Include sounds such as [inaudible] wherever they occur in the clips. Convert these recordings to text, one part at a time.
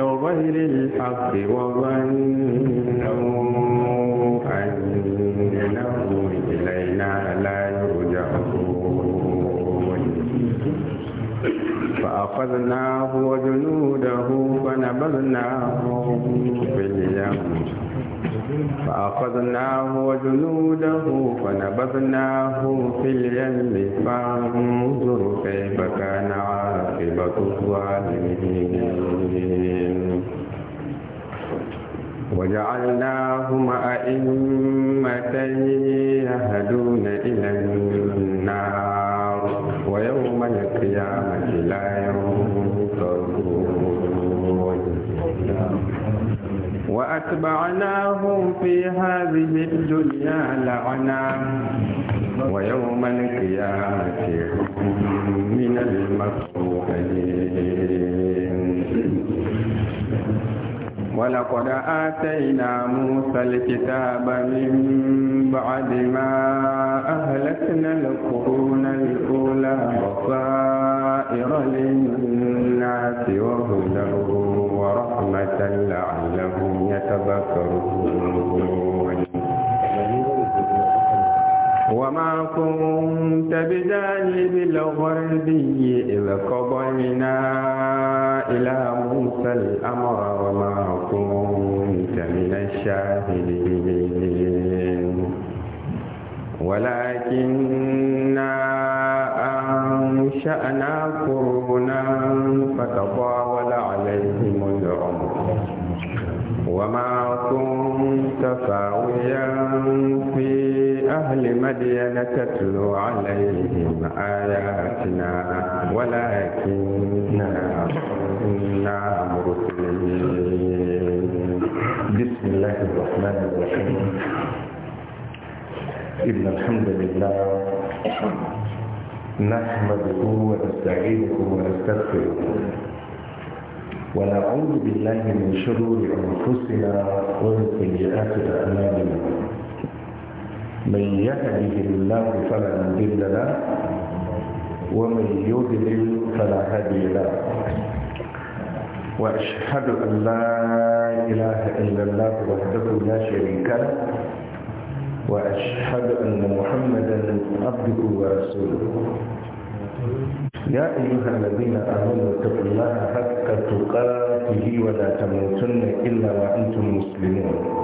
وغير الحق وظنوا أنه إلينا لا يرجعون فأخذناه وجنوده فنبذناهم في اليم فأخذناه وجنوده فنبذناه في اليم فانظر كيف كان عاقبة الظالمين وجعلناهم أئمة يهدون إلى النار ويوم القيامة لا ينصرون وأتبعناهم في هذه الدنيا لعنا ويوم القيامة هم من المكروهين ولقد آتينا موسى الكتاب من بعد ما أهلكنا القرون الأولى بصائر للناس وهدى ورحمة لعلهم يتذكرون وما كنت بجانب الغربي إذ قضينا إلى موسى الأمر وما كنت من الشاهدين ولكننا أنشأنا قرونا فتطاول عليهم العمر وما كنت فاويا في أهل مدين تتلو عليهم آياتنا ولكننا كنا مرسلين بسم الله الرحمن الرحيم إن الحمد لله نحمده ونستعينه ونستغفره ونعوذ بالله من شرور أنفسنا ومن سيئات أعمالنا من يهده الله فلا مضل له ومن يضلل فلا هادي له واشهد ان لا اله الا الله وحده لا شريك له واشهد ان محمدا عبده ورسوله يا ايها الذين امنوا اتقوا الله حق تقاته ولا تموتن الا وانتم مسلمون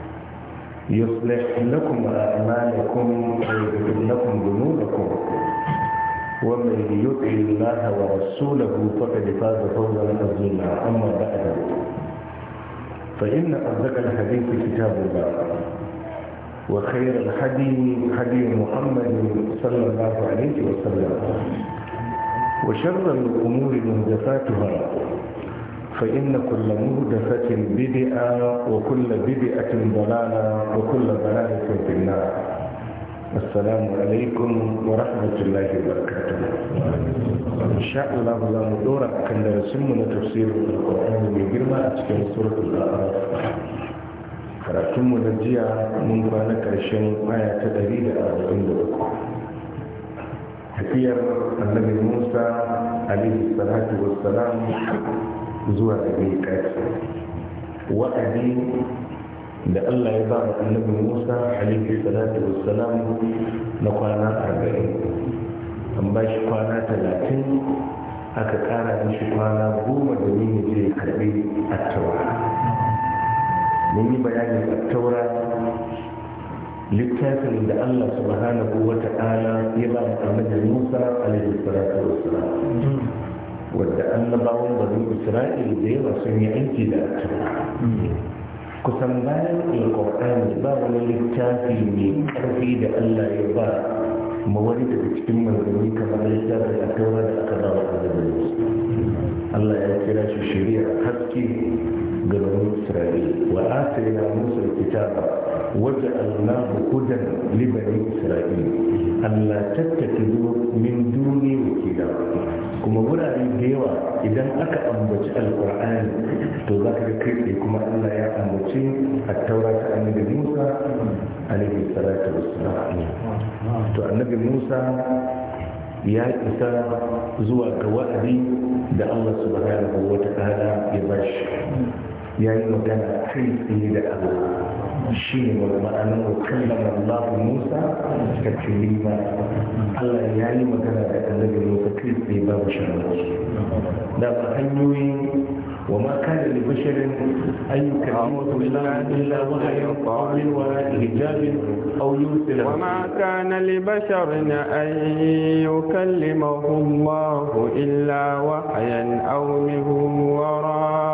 يصلح لكم أعمالكم ويغفر لكم ذنوبكم ومن يطع الله ورسوله فقد فاز فوزا عظيما أما بعد فإن أصدق الحديث كتاب الله وخير الحدي حدي محمد صلى الله عليه وسلم وشر الأمور محدثاتها فإن كل مهدفة بدئة وكل بدئة ضلالة وكل ضلالة في النار السلام عليكم ورحمة الله وبركاته إن شاء الله لا مدورة كان رسمنا تفسير القرآن بجرمة في سورة الأعراف فرسمنا جيا من بانك رشان ما آية يتدريد أرضين لكم حكير النبي موسى عليه الصلاة والسلام zuwa abin ƙarfi, wa'adi da Allah ya ba wa annabi Musa alaihi salatu wassalam na kwana arba'in an ba shi kwana talatin aka ƙara mishi kwana goma da ni ya zai karɓi attaura mun yi bayanin taura littafin da Allah subhanahu wa ta'ala ya ba wa annabi Musa alaihi salatu wassalam wadda annabawan bani isra'il da yawa sun yi aiki da kusan bayan alƙur'ani ba wani littafi mai ƙarfi da allah ya ba ma wani daga cikin manzanni kamar littafin a taura da aka ba wa annabawa allah ya kira shi shari'a haske ga bani isra'il wa atayna musa kitaba وجعلناه Allah لبني إسرائيل ألا تتخذوا من دوني وكيلا kuma wurare da yawa idan aka ambaci alkur'ani to za ka ga kai kuma allah ya ambaci a taura ta annabi musa alaihi salatu wassalam to annabi musa ya isa zuwa ga wa'adi da allah subhanahu wata ta'ala ya bashi ya yi magana kai tsaye da allah شيء والمعنى وكلم الله موسى تكليما الله يعني ما وكذا الذي يتكلم في باب شرعه ده فأنوي وما كان لبشر أن يكلمه الله إلا وحي قول ولا إهجاب أو يرسل وما كان لبشر أن يكلمه الله إلا وحيا أو من وراء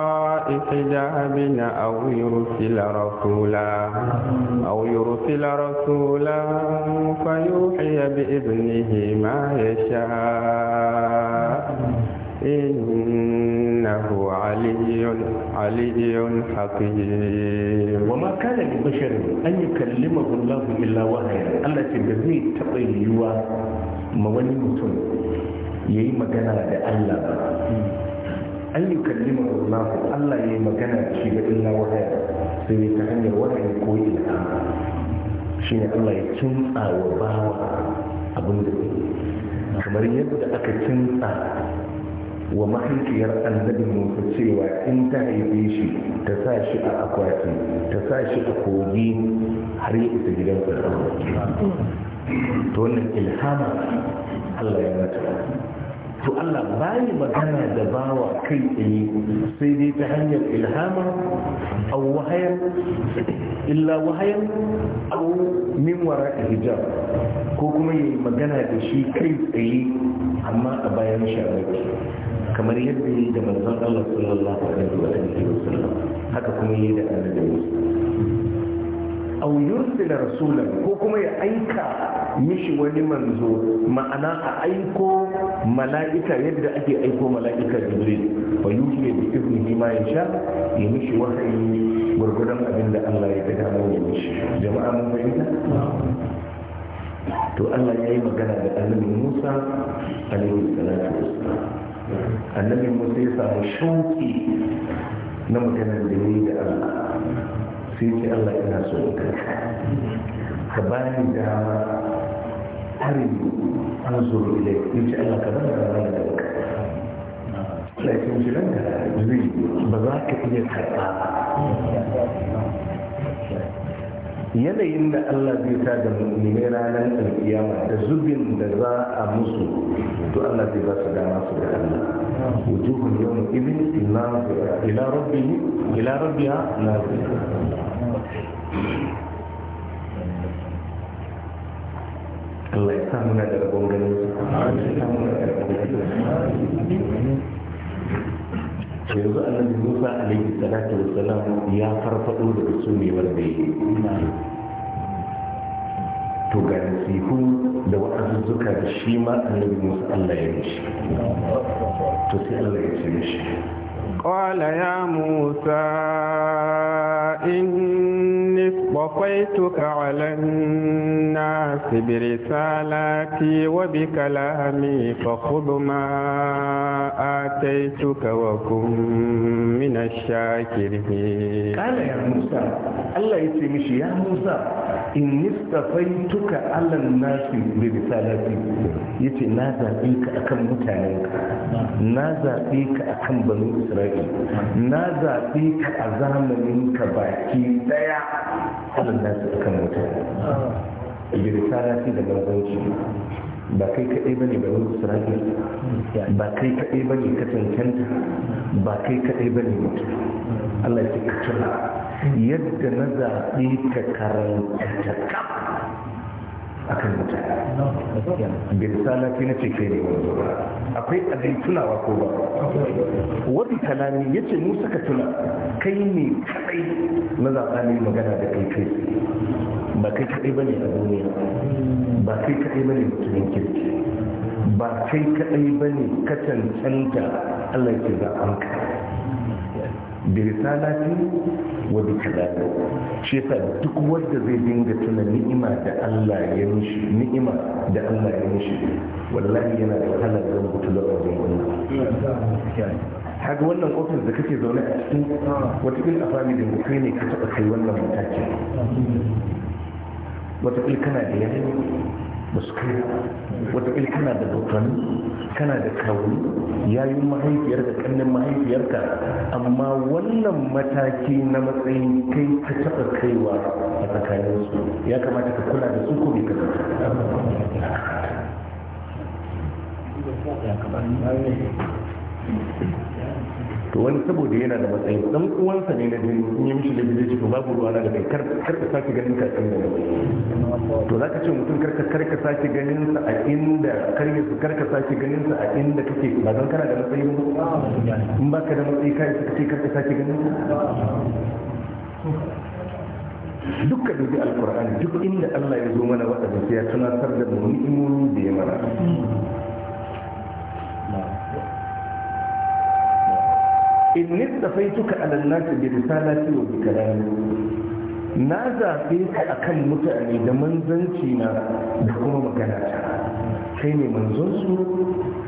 يوقد أبنا أو يرسل رسولا أو يرسل رسولا فيوحي بإذنه ما يشاء إنه علي علي حكيم وما كان لبشر أن يكلمه الله إلا وحيا التي بزي تقي يوا ما وني متون يي مغانا ده الله an yi kallima Allah Allah ya yi magana da shi ga illa wahaya sai ne ta hanyar wahayi ko ilhama shi ne Allah ya kintsa wa bawa abin da kamar yadda aka kintsa wa mahaifiyar annabi Musa cewa in ta haife shi ta sa shi a akwati ta sa shi a kogi har ya isa gidan fir'auna to wannan ilhama Allah ya mata to Allah bayi magana da bawa kai tsaye sai dai ta hanyar ilhama a wahayan illa wahayar aw min a hijab ko kuma yi magana da shi kai tsaye amma a bayan sharaki kamar yadda yi da manzon Allah sallallahu alaihi wa sallam haka kuma yi da annabi Musa yursila rasulan ko kuma ya aika mishi wani manzo ma'ana a aiko mala'ika yadda ake aiko mala'ika jibril wa yuhi bi ibnihi ma yasha ya mishi wahayi gurgudan abin da Allah ya gada mu ya mishi jama'a mun fahimta to Allah ya yi magana da annabi Musa alaihi salatu wassalam annabi Musa ya samu shauki na magana da ya yi da Allah sai ce Allah na so ka ka bani dama أرني أنظر إليك shi ba za iya yanayin da Allah zai ta da mummuni ranar alkiyama da zubin da za a musu to Allah zai ba su dama su da Allah wujuhun yawon ibin ila na nazira Allah ya sa muna da rabon ganin su ya muna da rabon ganin su yanzu annabi Musa alaihi salatu wassalam ya farfado da su ne wanda yake to ga nasihu da wa'azuzzuka da shi ma annabi Musa Allah ya mishi to sai Allah ya ce mishi قال يا موسى إن وقيتك على الناس برسالاتي وبكلامي فخذ ما آتيتك وكن من الشاكرين قال يا موسى الله يتمشي يا موسى إن استفيتك على الناس برسالاتي يتي نازا بيك أكم متعينك نازا بيك أكم بنو إسرائيل نازا بيك أزامنك باكي halin nasu akan mutane igirisa rafi da manzanci ba kai kaɗai ba ne bani isra'il ba kai kaɗai ba ne ka ba kai kaɗai ba ne mutu allah ya ka tuna yadda na zaɓi ka karanta ta a kan mutane birsala fi na ce kai ne wanzu akwai abin tunawa ko ba wani kalami ya ce musa ka tuna kai ne kaɗai mazaɓa ne magana da kai kai ba kai kaɗai ba ne a duniya ba kai kaɗai ba ne mutumin kirki ba kai kaɗai ba ne ka cancanta allah ke zaɓen ka bi risalati wa bi kalami shi yasa duk wanda zai dinga tuna ni'ima da Allah ya mishi ni'ima da Allah ya mishi wallahi yana da halar rubutu da wajen wannan kaga wannan ofis da kake zaune a cikin watakil a familin kai ne ka taɓa kai wannan matakin. watakil kana da yanayi basu kai watakil kana da dokan kana da kawai yayin mahaifiyar da kannin mahaifiyarka amma wannan mataki na matsayin kai ka taɓa kaiwa a tsakaninsu ya kamata ka kula da su ko bai kasance to wani saboda yana da matsayi dan uwansa ne na dare in yi mishi da bidiyo to babu ruwa na da kar ka sake ganin ka kan da to za ka ce mutum kar ka kar ka sake ganin sa a inda kar ka kar ka sake ganin sa a inda kake ba dan kana da matsayi ba in baka da matsayi kai ka ce kar ka sake ganin sa dukkan dubi alkur'ani duk inda Allah ya zo mana waɗanda ya tunatar da mu ni'imomi da ya mana in nistafaituka ala nasi bi risalati wa bi kalami na zaɓe ka akan mutane da manzanci na da kuma magana ta kai ne manzonsu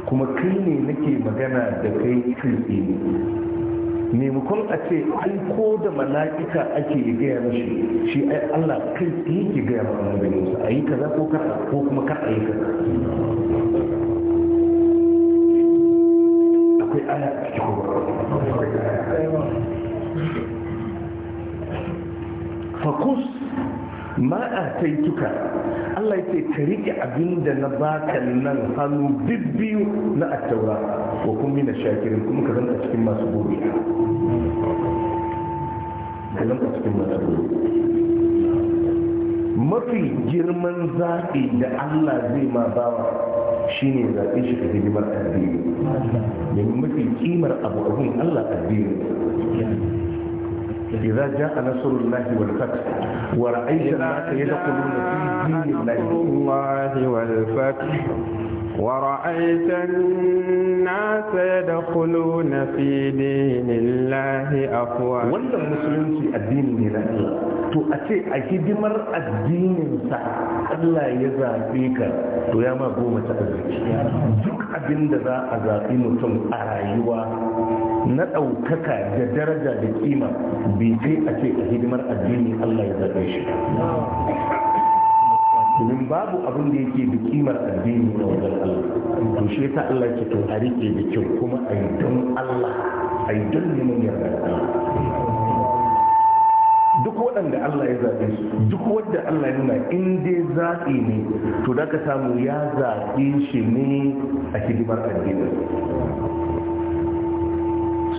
kuma kai ne nake magana da kai kai ne maimakon a ce an ko da mala'ika ake yi gaya mashi shi ai Allah kai tsaye ke gaya ma annabi Musa a yi kaza ko kaza ko kuma ka a yi kaza akwai aya cikin fakus ma a taituka Allah ya ce ka rike abin da na baka nan hannu bibbiyu na attaura wa kun mina shakirin kuma ka zanta cikin masu gobe ka zanta cikin masu gobe mafi girman zaɓi da Allah zai ma bawa shi ne zaɓi shi ka hidimar addini domin mafi kimar abu abun Allah addini إذا جاء نصر الله والفتح ورأيت الناس يدخلون في دين الله والفتح ورأيت الناس يدخلون في دين الله أفواجا وانت مسلم في الدين من الله to a ce a hidimar addininsa Allah ya zaɓe ka to ya ma goma ta arziki duk abin da za a zaɓi mutum a rayuwa na ɗaukaka da daraja da kima bai kai a ce a hidimar addini Allah ya zaɓe shi domin babu abin da yake da kimar addini na wajen Allah to shi ta Allah ke to a rike da kyau kuma a yi don Allah a yi don neman yardar Allah duk waɗanda Allah ya zaɓe su duk wadda Allah ya nuna in dai ne to da ka samu ya zaɓe shi ne a hidimar addini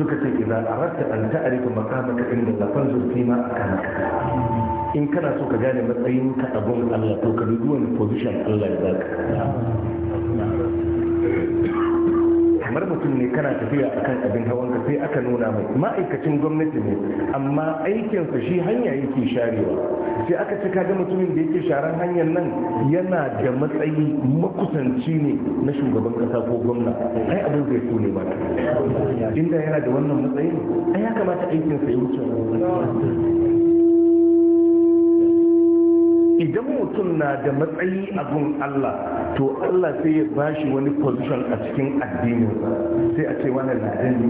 suka ce idan aratta an ta'arifa makamaka inda lafan zurfi ma akamaka in kana so ka gane matsayin ka abun Allah to ka dubi wani position Allah ya zaka kamar mutum ne kana tafiya akan abin hawan ka sai aka nuna mai ma'aikacin gwamnati ne amma aikinsa shi hanya yake sharewa sai aka ce kaga mutumin da yake sharan hanyar nan yana da matsayi makusanci ne na shugaban kasa ko gwamna ai abin zai so ne ba inda yana da wannan matsayin ai ya kamata aikinsa ya wuce idan mutum na da matsayi a gun Allah to Allah sai ya bashi wani position a cikin addinin sai a ce wani ladan ne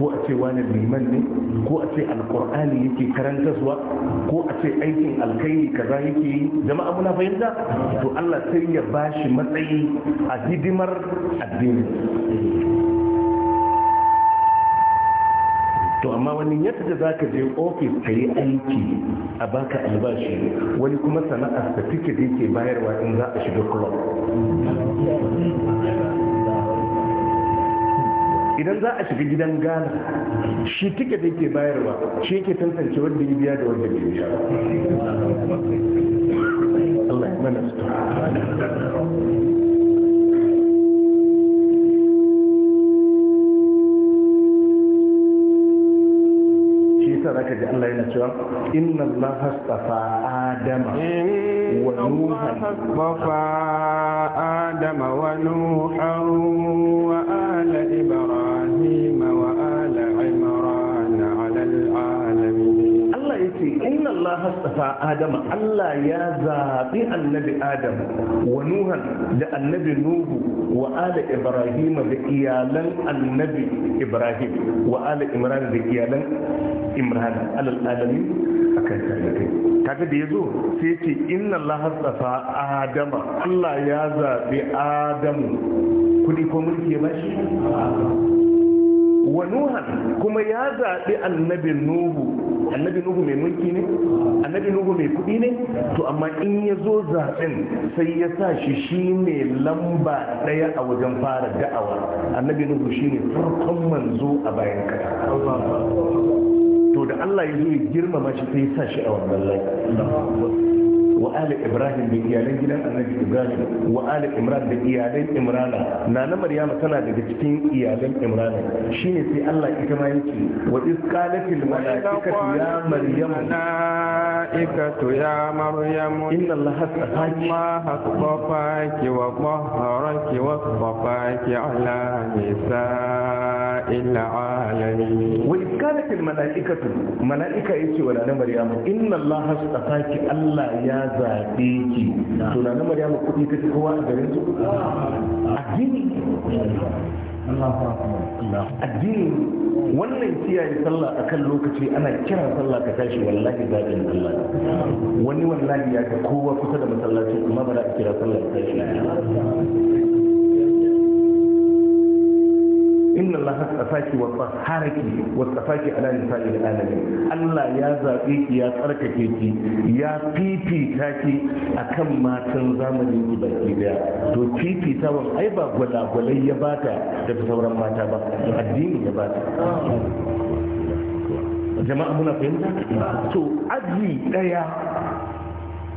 ko a ce wani liman ne ko a ce alkur'ani yake karantaswa ko a ce aikin alkairi kaza yake yi jama'a muna fahimta to Allah sai ya ba shi matsayi a hidimar addinin to amma wani yadda za ka je ofis ka yi aiki a baka albashi wani kuma sana'a da take da yake bayarwa in za a shiga club idan za a shiga gidan gala shi tike da yake bayarwa shi yake tantance wanda ya biya da wanda bai biya Allah ya mana zaka ji Allah yana cewa inna Allah hastafa adama wa nuha hastafa adama wa nuha wa ala ibrahim wa ala imran ala alamin Allah yace inna Allah hastafa adama Allah ya zabi annabi adam wa nuha da annabi nuhu wa ala ibrahim da iyalan annabi ibrahim wa ala imran da iyalan imrana alal alamin akan talibai kaga da yazo sai ce inna Allah hasafa adama allah ya zaɓi adamu kudi ko mulki ya bashi wa nuhan kuma ya zaɓi annabi nuhu annabi nuhu mai mulki ne annabi nuhu mai kuɗi ne to amma in ya zo zaɓen sai ya sa shi shi ne lamba ɗaya a wajen fara da'awa annabi nuhu shi ne farkon manzo a bayan kasa to da Allah ya zo ya girmama shi sai ya sa shi a wannan wa ali ibrahim da iyalan gidan annabi ibrahim wa ali imran da iyalan imrana nana maryama tana daga cikin iyalan imrana shine sai allah ita ma yake wa isqalatil malaikatu ya maryam malaikatu ya maryam inna allaha astafaki wa tahharaki wa astafaki ala nisaa العالمين وإذ قالت الملائكة ملائكة يسي ولا مريم إن الله اصطفاك الله يا ذاتيك سنة مريم كنت تتكوى أدريسو أجيني addini wannan kiyaye sallah a lokaci ana kiran sallah ka tashi wallahi zaɓin Allah wani wallahi ya ga kowa kusa da masallaci amma ba za kira sallah ka tashi inna allaha tsafaki wa tsaraki wa tsafaki ala nisa'i alamin Allah ya zaɓi ya tsarkake ki ya fifita ki akan matan zamani ki baki daya to fifita wa ai ba gwalagwalai ya bata da sauran mata ba jama'a muna fahimta to aji ɗaya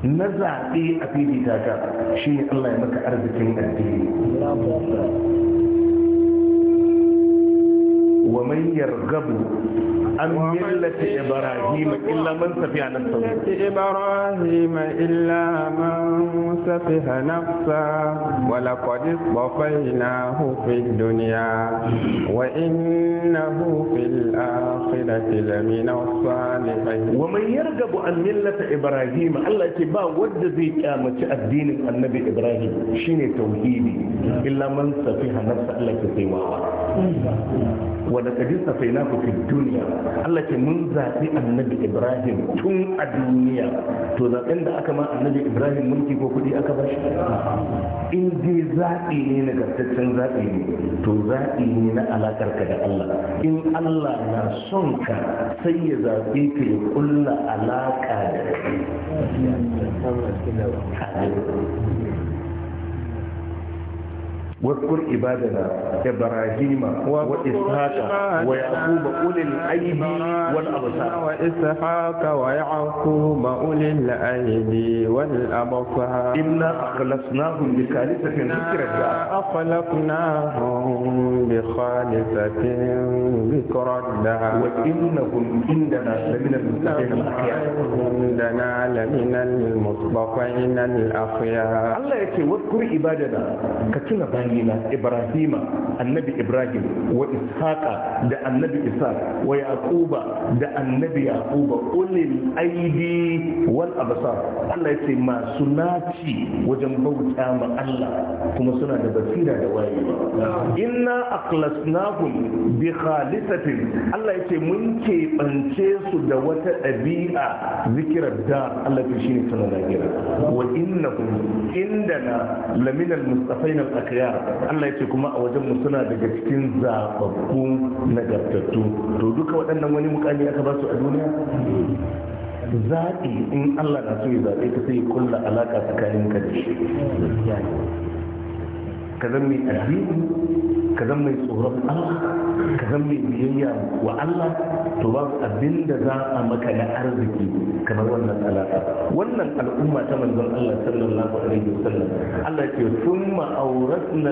na zaɓe a fifita ka shi Allah ya maka arzikin addini wa man yarghabu an millati ibrahim illa man safiha nafsahu ibrahim illa man safiha nafsa wa laqad istafaynahu fid dunya wa innahu fil akhirati lamina salihin wa man yarghabu an millati ibrahim Allah yake ba wanda zai kyamaci addinin annabi ibrahim shine tauhidi illa man na nafsa Allah wa laqad safainahu fi duniya. Allah ke mun zaɓi annabi Ibrahim tun a duniya to zaben da aka ma annabi Ibrahim mulki ko kudi aka bashi in dai zaɓi ne na gartaccen zaɓi ne to zaɓi ne na alakar ka da Allah in Allah na son ka sai ya zabe ka ya kulla alaƙa da kai واذكر عبادنا ابراهيم واسحاق ويعقوب اولي الايدي والابصار واسحاق ويعقوب اولي الايدي والابصار انا اخلصناهم بخالصه ذكر الدار اخلصناهم بخالصه ذكر الدار وانهم عندنا لمن المتقين عندنا لمن المصطفين الاخيار الله يكي واذكر عبادنا كتنا بين ibrahima ibrahima annabi ibrahim wa ishaqa da annabi Isa wa yaquba da annabi yaquba ulil aidi wal absar Allah yace masu naci wajen bauta ma Allah kuma suna da basira da wayewa inna akhlasnahum bi khalisatin Allah yace mun keɓance su da wata ɗabi'a zikirar da Allah ta ne tana da gira wa innahum indana laminal mustafainan akhyar Allah ya ce kuma a wajen mu suna daga cikin zababbu nagartattu to duka waɗannan wani mukami aka ba su a duniya zaɓi in Allah na so ya zaɓe ka sai kulla alaka tsakanin ka da shi ka zan mai addini ka zan mai tsoron Allah ka zan mai biyayya wa Allah to ba abin da za a maka na arziki kamar wannan alaƙa wannan al'umma ta manzon Allah sallallahu alaihi wasallam Allah ke thumma awratna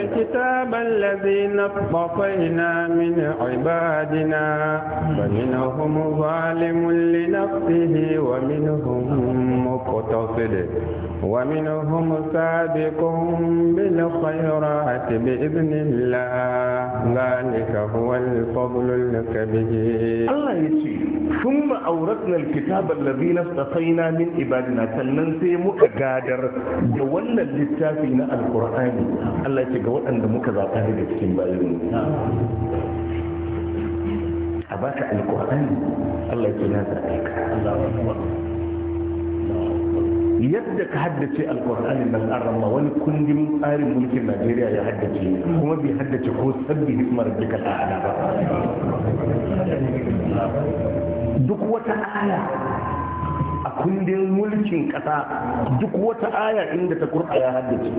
الكتاب الذي نطفينا من عبادنا فمنهم ظالم لنفسه ومنهم مقتصد ومنهم سابق بكم بالخيرات بإذن الله ذلك هو الفضل الكبير الله يسي ثم أورثنا الكتاب الذين استقينا من عبادنا sannan sai muka gadar da wannan littafi na alkur'ani Allah ya ce ga waɗanda muka zaɓa daga cikin a Allah ya ce yadda ka haddace alkur'ani na arama wani kundin tsarin mulkin najeriya ya haddace kuma bai haddace ko sabbi hikmar duka ta'ala ba duk wata aya a kundin mulkin kasa duk wata aya inda ta kur'a ya haddace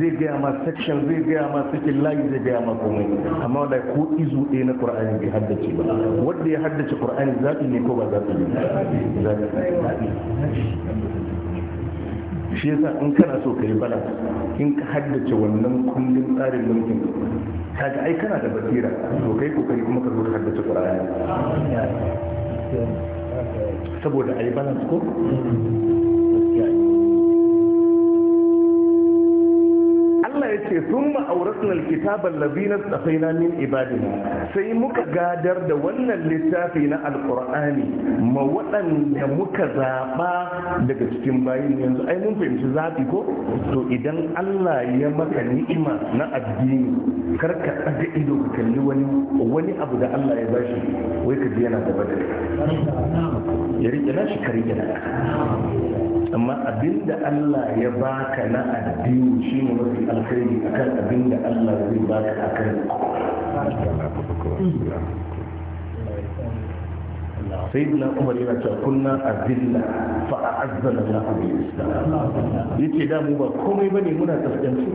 zai gaya ma section zai gaya ma sakin layi zai gaya ma komai amma da ko izu ɗaya na qur'ani bai haddace ba wanda ya haddace qur'ani zaɓi ne ko ba zaɓi ne shi yasa in kana so ka yi bala in ka haddace wannan kundin tsarin mulkin kaga ai kana da basira to kai kokari kuma ka zo ka haddace qur'ani saboda ai balance ko ce sun ma'auratun alkitabar labinar tsafaina min ibadina sai muka gadar da wannan littafi na alkur'ani ma waɗanda muka zaɓa daga cikin bayin yanzu ai mun fahimci zaɓi ko to idan allah ya maka ni'ima na addini karka ka ɗaga ido ka kalli wani wani abu da allah ya bashi wai ka ji yana da ya riƙe na shi amma abinda Allah ya baka na addini shi ne mafi alkhairi akan abinda Allah zai baka akan sayyidina umar yana cewa kunna azilla fa azzana lahu bil islam yace da mu ba komai bane muna kaskanci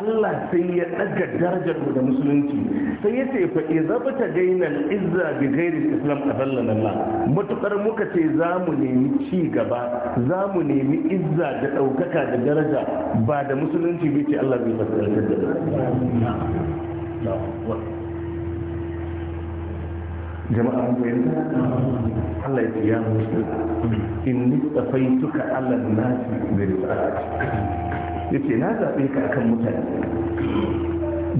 Allah sai ya daga darajar mu da musulunci sai ya ce fa iza ta gaina izza bi ghairi islam adallana Allah mutakar muka ce za mu nemi ci gaba za mu nemi izza da daukaka da daraja ba da musulunci bai ce Allah bai fasalta da jama'a mun fahimta Allah ya ya musulunci in nistafaituka ala nasi bi risalati yace na zaɓe ka akan mutane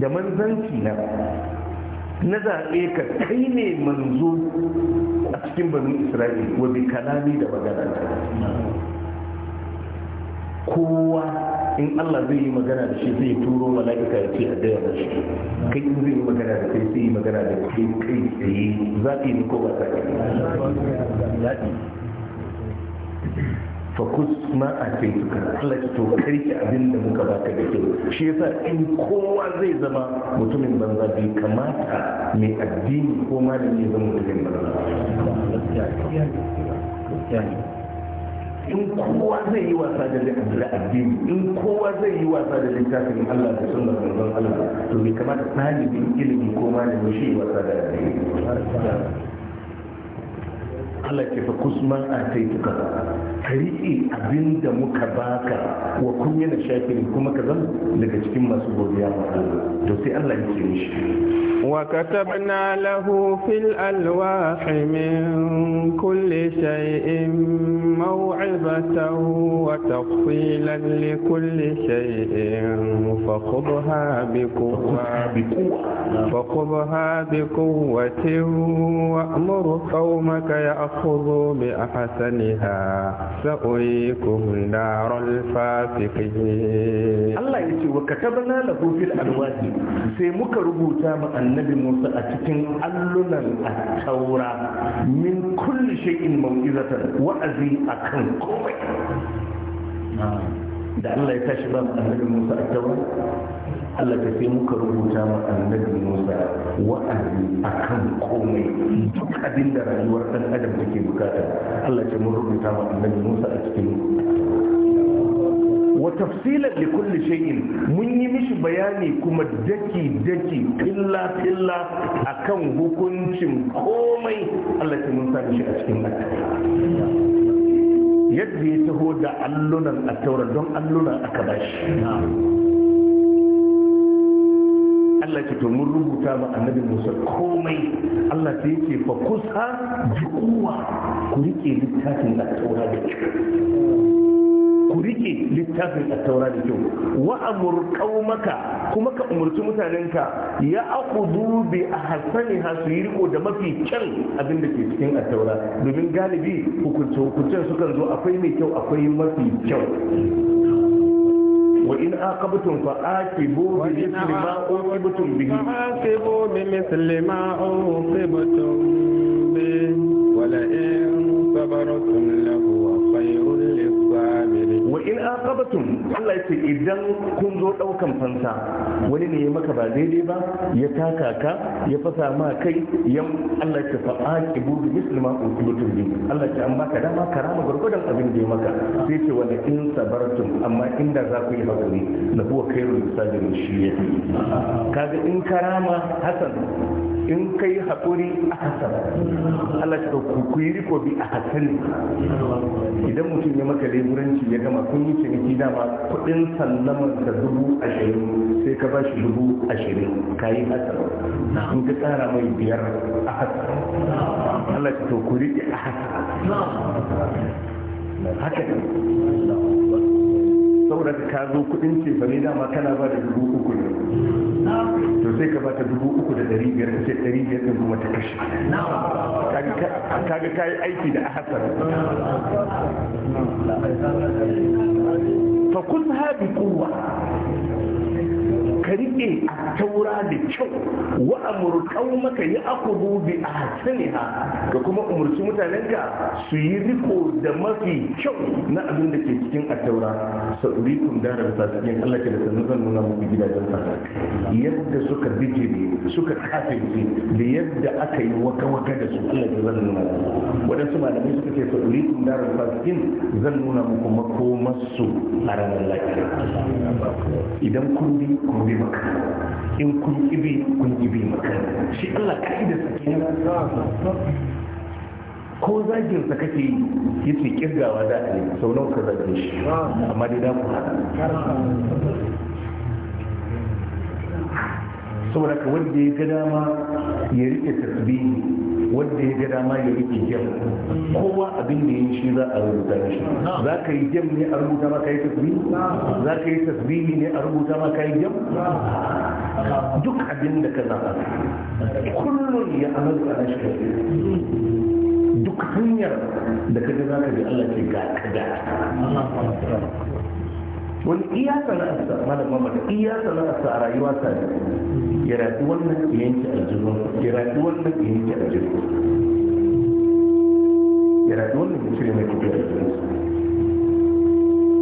da manzanci na na zaɓe ka kai ne manzo a cikin banin isra'il wa bi kalami da magana kowa in Allah zai yi magana da shi zai turo mala'ika ya ce a gaya da shi kai in zai yi magana da kai sai yi magana da kai kai tsaye zaɓi ne ko ba zaɓi fakus ma a kai suka to karki abin da muka baka da kyau shi yasa in kowa zai zama mutumin banza bai kamata mai addini ko malami zama mutumin banza in kowa zai yi wasa da addini in kowa zai yi wasa da littafin Allah da sunnar manzon Allah to bai kamata ɗalibin ilimi ko malami shi wasa da addini Allah ke fa kusman a kai ka riƙe abin da muka baka wa kun yana shafi kuma ka zama daga cikin masu godiya ba Allah to sai Allah ya ce mishi وكتبنا له في الألواح من كل شيء موعظة وتفصيلا لكل شيء فخذها بقوة فخذها بقوة وأمر قومك يأخذوا بأحسنها سأريكم دار الفاسقين الله يسوع وكتبنا له في الألواح سيمك ربوتا مأن annabi musa a cikin allunan taura min kulli shay'in mau'izatan wa'azi a kan komai da Allah ya tashi ba annabi musa a taura Allah ta sai muka rubuta ma annabi musa wa'azi a kan komai duk abin da rayuwar dan adam take bukata Allah ce mun rubuta ma annabi musa a cikin wa tafsilan li kulli shay'in mun yi mishi bayani kuma daki daki filla filla akan hukuncin komai Allah ya mun sa shi a cikin yadda ya taho da allunan a taura don allunan aka bashi Allah ce to mun rubuta ma annabi Musa komai Allah sai yake fa kusa bi kuwa ku rike littafin da taura da kyau littafin attaura da kyau wa amur qaumaka kuma ka umurci mutanenka ya aku bi ahsani ha su yi riko da mafi kyan abin da ke cikin attaura domin galibi hukunce hukuncen sukan zo akwai mai kyau akwai mafi kyau وإن عاقبتم فعاقبوا fa aqibu bi mithli ma aqibtum bihi wa la in sabartum lahu wa in aqabatum Allah yace idan kun zo daukan fansa wani ne ya maka ba daidai ba ya taka ka ya fasa ma kai ya Allah yace fa aqibu bi muslima uqibatum bi Allah yace an baka dama karama gurgudan abin da ya maka sai ce wa in sabartum amma inda za ku yi hakuri na huwa khairul sabirin shi ya kaga in karama hasan in kai hakuri a hasan Allah ya ku yi riko bi a hasan idan mutum ya maka leburanci ya gama sallama kun yi ciniki dama kudin sallaman da dubu ashirin sai ka bashi dubu ashirin ka yi hasara in ka tsara mai biyar a hasara Allah ka to riƙe a hasara haka ne saboda ka zo kuɗin cefane dama kana ba da dubu uku ne to sai ka bata dubu uku da ɗari biyar ka ce ɗari biyar ɗin kuma ta kashe kaga kayi aiki da ahasar fa kun ha bi kowa ka riƙe a taura da kyau wa amurkau maka yi akudu bi a hasaniha ka kuma umarci mutanenka su yi riko da mafi kyau na abin da ke cikin a taura sa'urikum dara da sasakin Allah ke da sannu zan nuna muku gidajen sa yadda suka bijire suka kafince da yadda aka yi waka-waka da su Allah ke zan nuna waɗansu malamai suka ce sa'urikum dara da sasakin zan nuna muku makomarsu a ranar lafiya idan kun bi kun bi maka in kun ibi kun ibi maka shi Allah ka ka'ida sa ke ko zagin sa kake yi yace kirgawa da ne sau nawa ka zage shi amma dai da ku hada saboda ka wanda ya ga dama ya rike tasbihi wanda ya ga dama ya rike gem kowa abin da ya shi za a rubuta shi za ka yi gem ne a rubuta ma ka yi tasbihi za ka yi tasbihi ne a rubuta ma ka yi gem duk abin da ka zaɓa kullum ya amalu a shi duk hanyar da ka kaga za ka bi Allah ke ga kada wani iya sana'arsa malam mamaka iya sana'arsa a rayuwa ta ne ya rafi wannan yanki a jirgin ya rafi wannan yanki a jirgin ya rafi wannan yanki cire mai kuɗi aljihun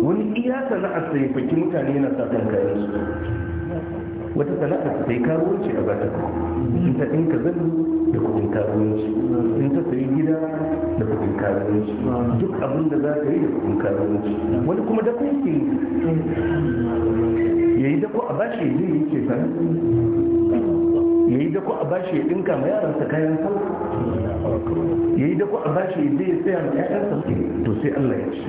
wani iya sana'arsa ya faki mutane yana sa kan kayan su wata sana'a ta yi karuwanci a bata in ta ɗinka zallu da kuɗin karuwanci in ta sayi gida da kuɗin karuwanci duk abin da za ka yi da kuɗin karuwanci wani kuma da kuɗin ya yi dako a bashi ya yi ke fa ya yi dako a bashi ya ɗinka ma yaran ta kayan sallah ya yi dako a bashi ya je ya saya ma 'ya'yansa to sai Allah ya ce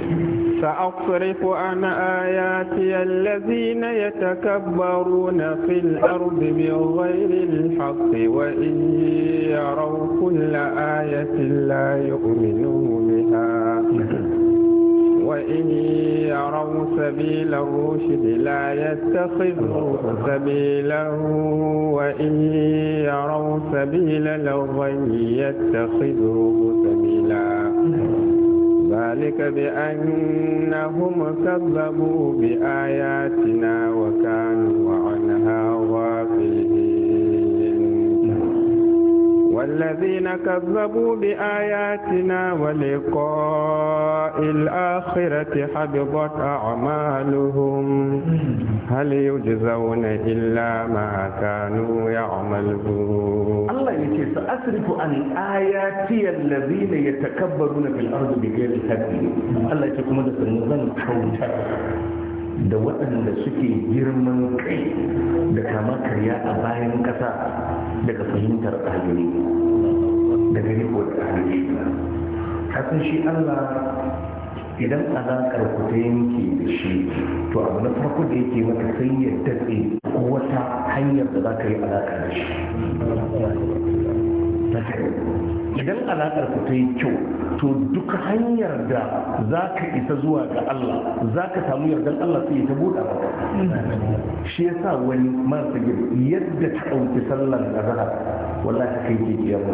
sa'afsarifu ana aya آتي الذين يتكبرون في الأرض بغير الحق وإن يروا كل آية لا يؤمنوا بها وإن يروا سبيل الرشد لا يتخذوه سبيلا وإن يروا سبيل الغي يتخذوه سبيلا ذلك بأنهم كذبوا بآياتنا وكانوا عنها والذين كذبوا بآياتنا ولقاء الآخرة حبطت أعمالهم هل يجزون إلا ما كانوا يعملون الله يكي سأصرف عن آياتي الذين يتكبرون في الأرض بغير حد الله يكي كما تسمى حوتك da waɗanda suke girman kai da kama karya a bayan ƙasa daga fahimtar da daga ko da ahalari kasan shi allah idan alaƙar ku ta yanke da shi to abu na farko da yake maka sai ya datse wata hanyar da za ka yi alaƙa da shi idan alaƙar ku ta yi kyau to duk hanyar da za ka isa zuwa ga Allah za ka samu yardan Allah sai ta buɗa shi ya sa wani marasa gir yadda ta ɗauki sallar azhar wallahi ta kai ke kiyamu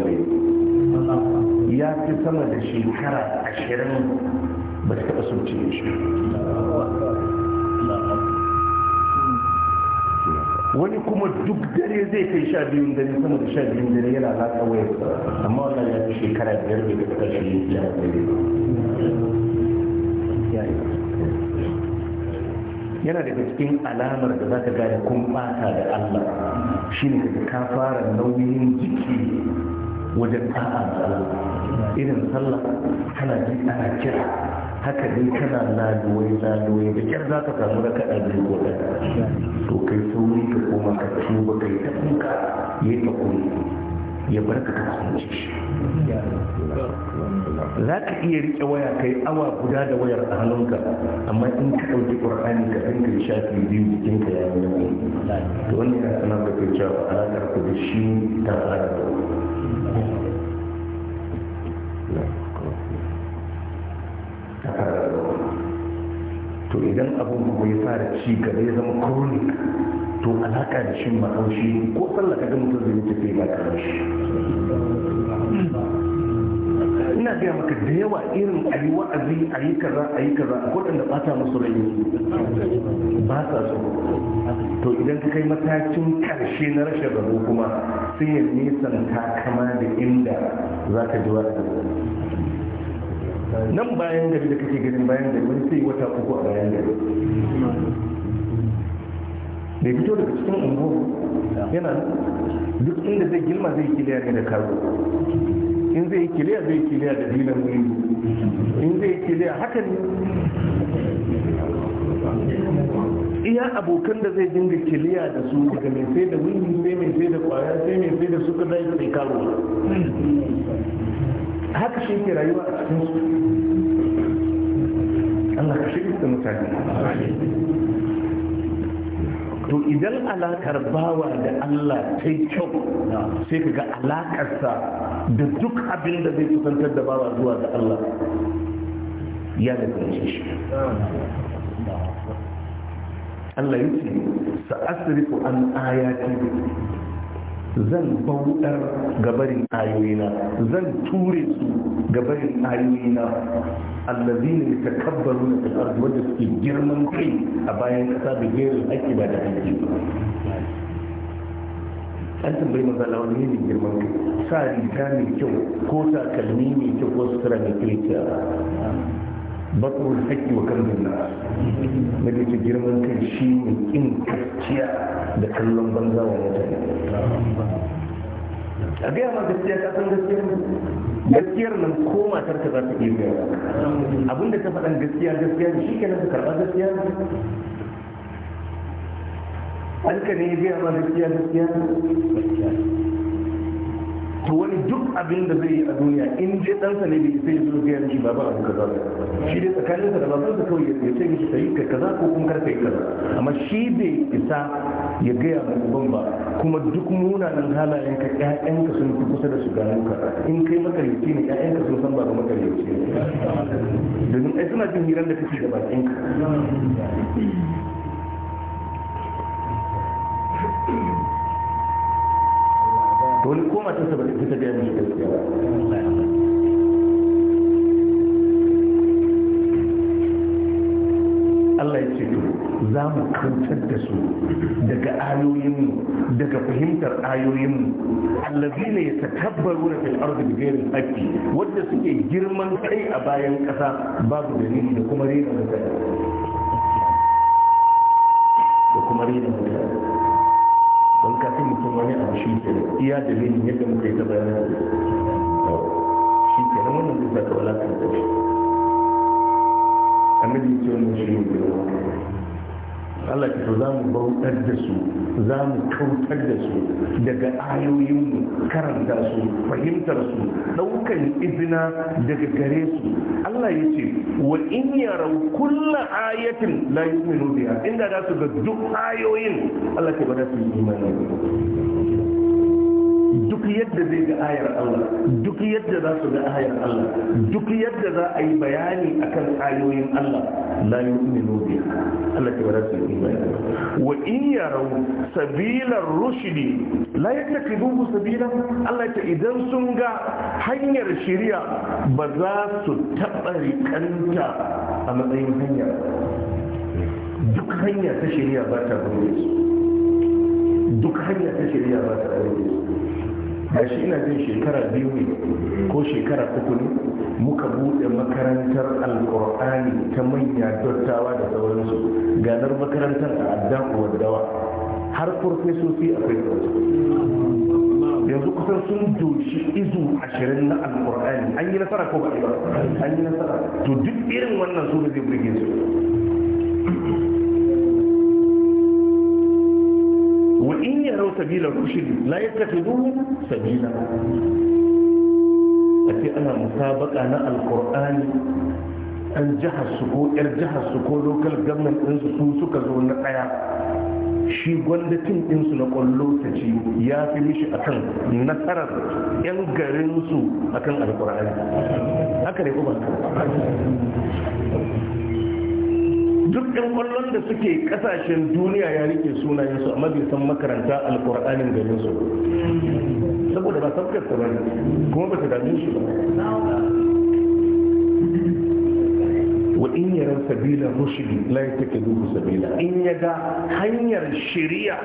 ya fi sama da shekara ashirin ba ta taɓa sun shi wani kuma duk dare zai kai sha biyun dare sama da sha biyun dare yana latsa wayar amma wannan ya fi shekara biyar bai da kasar shi ya dare yana daga cikin alamar da za ka gane kun bata da Allah shi ne ka fara nauyin jiki wajen ta'a da Allah irin sallah kana ji ana kira haka dai kana laluwai laluwai da kyar za ka samu raka kaɗa biyu ko da to kai sauri ka koma ka tuba kai ta kuka ya yi ta kuri ya bar ka kasance za ka iya rike waya kai awa guda da wayar a hannunka amma in ka ɗauki ƙur'ani ka ɗan kai shafi biyu jikin ka ya yi to wani ya sanar da kai cewa alaƙar ku da shi ta fara da idan abin kuma ya fara ci gaba ya zama chronic to alaka da shi ma haushi ko ka ga mutum zai wuce sai ba haushi ina gaya maka da yawa irin a yi wa'azi a yi kaza a yi kaza a kodin da bata musu rai ba sa so to idan ka kai matakin karshe na rashin rabo kuma sai ya nisan takama da inda za ka ji wa'azi nan bayan gari da kake ganin bayan gari wani sai wata uku a bayan gari da fito daga cikin ungo yana duk inda zai girma zai kiliya ne da karo in zai kiliya zai kiliya da dilan wuri in zai kiliya haka ne iya abokan da zai dinga kiliya da su daga mai sai da wuri sai mai sai da kwaya sai mai sai da suka zai karo haka shi ke rayuwa a cikin su Allah ka shirya da mutane to idan alakar bawa da Allah ta yi kyau sai ka ga alakarsa da duk abin da zai kusantar da bawa zuwa ga Allah ya da shi Allah ya ce sa'asrifu an ayati zan bauɗar gabarin ayoyina zan ture su gabarin ayoyina allazina yatakabbaruna ta ardi wadda suke girman kai a bayan kasa da gerin haƙƙi ba da aiki ba an tambayi magana wani ne girman kai sa riga mai kyau ko takalmi mai kyau ko sutura mai kyau batsar haƙƙi wa kan bin na da ke girman kai shi ne ƙin gaskiya da kallon banza wa mutane a biya ma gaskiya ka san gaskiyar gaskiyar nan ko matar ta za ta iya biya abinda ta faɗan gaskiya gaskiya shi ke nan ta karɓa gaskiya an ka ne biya ma gaskiya gaskiya to wani duk abin da zai yi a duniya in je ɗansa ne bai sai zo gaya mishi baba abu kaza shi dai sa da babansa kawai ya ce mishi sai yi ka kaza ko kuma kar kai kaza amma shi bai isa ya gaya ma uban ba kuma duk munanan halayen ka ka sun fi kusa da su gano ka in kai makaryaci ne ka sun san baba makaryaci ne domin ai suna jin hirar da kake da bakinka Thank you. to wani koma ta saba ta ta mai gaskiya Allah ya ce to za mu kautar da su daga ayoyinmu daga fahimtar ayoyinmu allazi ne ya takabbaru da fil ardi bigairin haqqi wanda suke girman kai a bayan ƙasa, babu dalili da kuma rena mutane da kuma rena mutane don ka mutum wani abu shi ke iya da dalilin yadda muka yi ta bayan da shi ke nan wannan zai saka wala kan tashi annabi ce wannan shi ne da wani Allah ya za mu bautar da su za mu kautar da su daga ayoyin karanta su fahimtar su daukan izina daga gare su Allah ya ce wa in yarau kulla ayatin la yu'minu biha inda da su ga duk ayoyin Allah ke ba da su imani duk yadda zai ga ayar Allah duk yadda za su ga ayar Allah duk yadda za a yi bayani akan ayoyin Allah la yu'minu bi Allah ke wada su yi bayani wa in yarau sabilar rushdi la yattakibuhu sabila Allah ta idan sun ga hanyar shari'a ba za su taɓa rikanta a matsayin hanya duk hanya ta shari'a ba ta gudu duk hanya ta shari'a ba ta gudu ga shi ina jin shekara biyu ne ko shekara uku ne muka buɗe makarantar alkur'ani ta manya dottawa da sauransu ganar makarantar a addan wadawa har farfesoci akwai yanzu kusan sun doshi izu ashirin na alkur'ani an yi nasara ko ba an yi nasara to duk irin wannan su da zai burge su سبيل الرشد لا يتخذون سبيلا ana مسابقة na القرآن أن jihar ko yar jihar su ko local government din su suka zo na ɗaya. shi gwanda tun su na kwallo ta ce ya fi mishi akan nasarar yan garin su akan haka ne kuma duk ɗan kwallon da suke ƙasashen duniya ya rike sunayensu amma bai san makaranta alƙur'anin garin su saboda ba sabgar ta bane kuma ba ta dame shi ba wa in yaran sabila rushdi la duhu sabila in yaga hanyar shari'a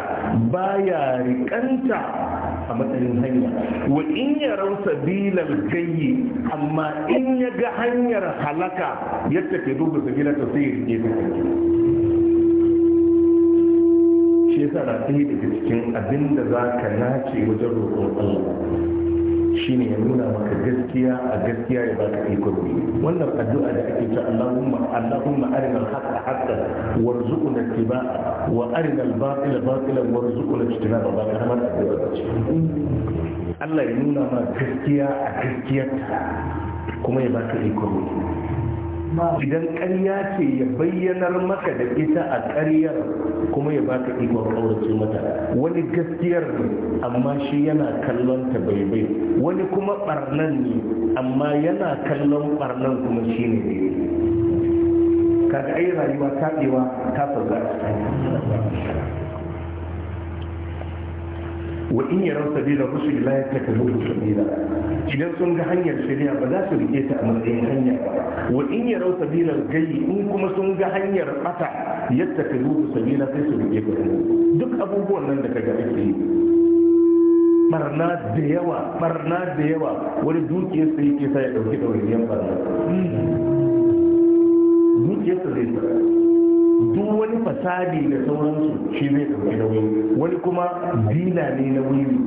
baya rikanta a matsayin hanya wa in ya rausa bilal gayyi amma in ya ga hanyar halaka ya tafi da sabila ta sai ya rike ta shi yasa na ɗaya daga cikin abinda da za ka nace wajen roƙon Allah shine ya nuna maka gaskiya a gaskiya ya baka ikon ne wannan addu'a da ake ce Allahumma Allahumma arina al-haqqa haqqan warzuqna ittiba'a wa arina al-batila batilan warzuqna ijtinaba ba karamar addu'a ce Allah ya nuna ma gaskiya a gaskiyarta kuma ya baka ikon idan ƙarya ce ya bayyanar maka da ita a ƙaryar kuma ya baka ikon ƙaurace mata wani gaskiyar amma shi yana kallon ta bai bai wani kuma barnan ne amma yana kallon barnan kuma shi ne kaga ai rayuwa ta taɓewa ta sauka wa in yaran sabila rusul la yattakhidhu sabila idan sun ga hanyar shari'a ba za su rike ta a matsayin hanya wa in yaran sabila gayi in kuma sun ga hanyar bata yattakhidhu sabila sai su rike ta duk abubuwan nan da kaga ake yi barna da yawa barna da yawa wani dukiyarsa yake sa ya ɗauki ɗawainiyar barna dukiyarsa zai tsara duk wani fasadi da sauransu shi zai ɗauki nauyi wani kuma dila ne na wuri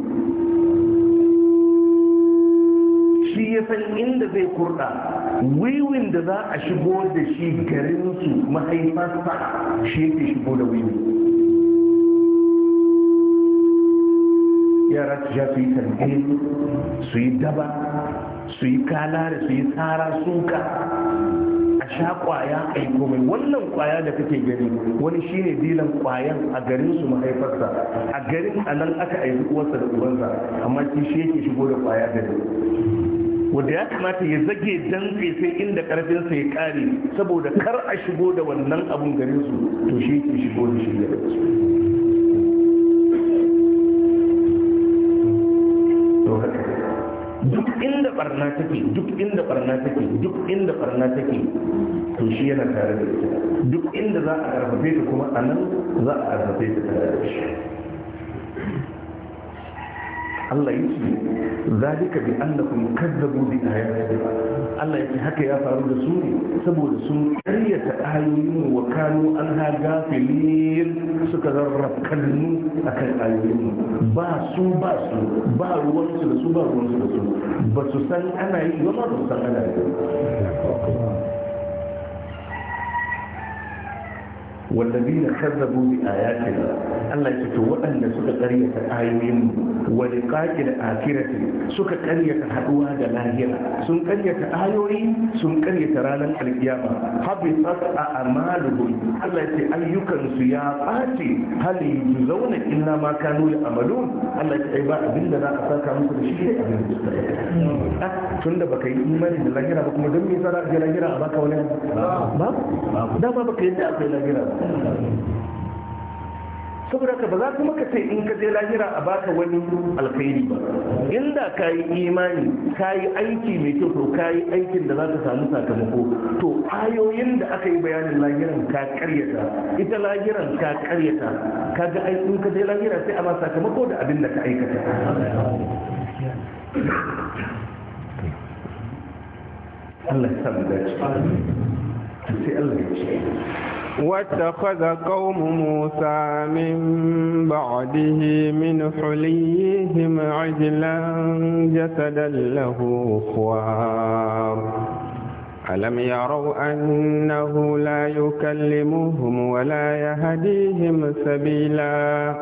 shi ya san inda zai kurɗa wiwin da za a shigo da shi garinsu mahaifarsa shi yake shigo da wiwi yara su sha su yi tambayi su yi daba su yi da su yi tsara suka a sha kwaya a yi komai wannan kwaya da kake gani wani shine dilan kwayan a garin su mahaifarsa a garin a nan aka aiki uwarsa da uwansa, amma shi yake shigo da kwaya gari wanda ya kamata ya zage dantse sai inda karfinsa ya kare saboda kar a shigo da wannan abun garin su to shi ke shigo da shi garin duk inda barna take duk inda barna take duk inda barna take to shi yana tare da ita duk inda za a karfafe ta kuma a nan za a karfafe ta tare da shi Allah yake zalika bi annakum kazzabu bi ayati Allah yake haka ya faru da su saboda sun karyata ayoyin wa kanu anha gafilin suka zarrafkannu akan ayoyin ba su ba su ba ruwan su da su ba ruwan su da su ba su san ana yi ba ba su san ana yi wallazi na kazzabu bi ayatin Allah ya ce waɗanda suka ƙaryata ayoyin wa liqa'il akhirati suka ƙaryata haduwa da lahira sun ƙaryata ayoyi sun ƙaryata ranar alƙiyama habisat a'maluhum Allah ya ce ayyukan su ya ɓaci hal yuzawna illa ma kanu ya'malun ya ce ba abin da za saka musu da shi ne abin da suka yi ba kuma don a je lahira a baka ba saboda ka ba za kuma ka ce in ka je lahira a baka wani alkhairi ba inda ka yi imani ka yi aiki mai kyau to ka yi aikin da za ka samu sakamako to ayoyin da aka yi bayanin lahiran ka karyata ita lahiran ka karyata ka ga in ka je lahira sai a ba sakamako da abin da ka aikata Allah ya samu dace Allah ya ce واتخذ قوم موسى من بعده من حليهم عجلا جسدا له خوار ألم يروا أنه لا يكلمهم ولا يهديهم سبيلا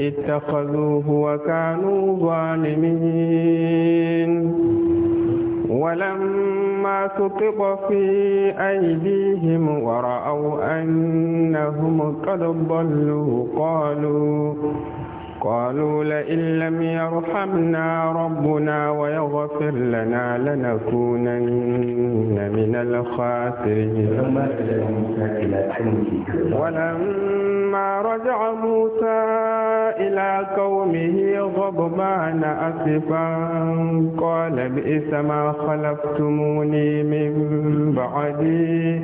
اتخذوه وكانوا ظالمين ولما سقط في أيديهم ورأوا أنهم قد ضلوا قالوا قالوا لئن لم يرحمنا ربنا ويغفر لنا لنكونن من الخاسرين ولما رجع موسى إلى قومه غضبان أسفا قال بئس ما خلفتموني من بعدي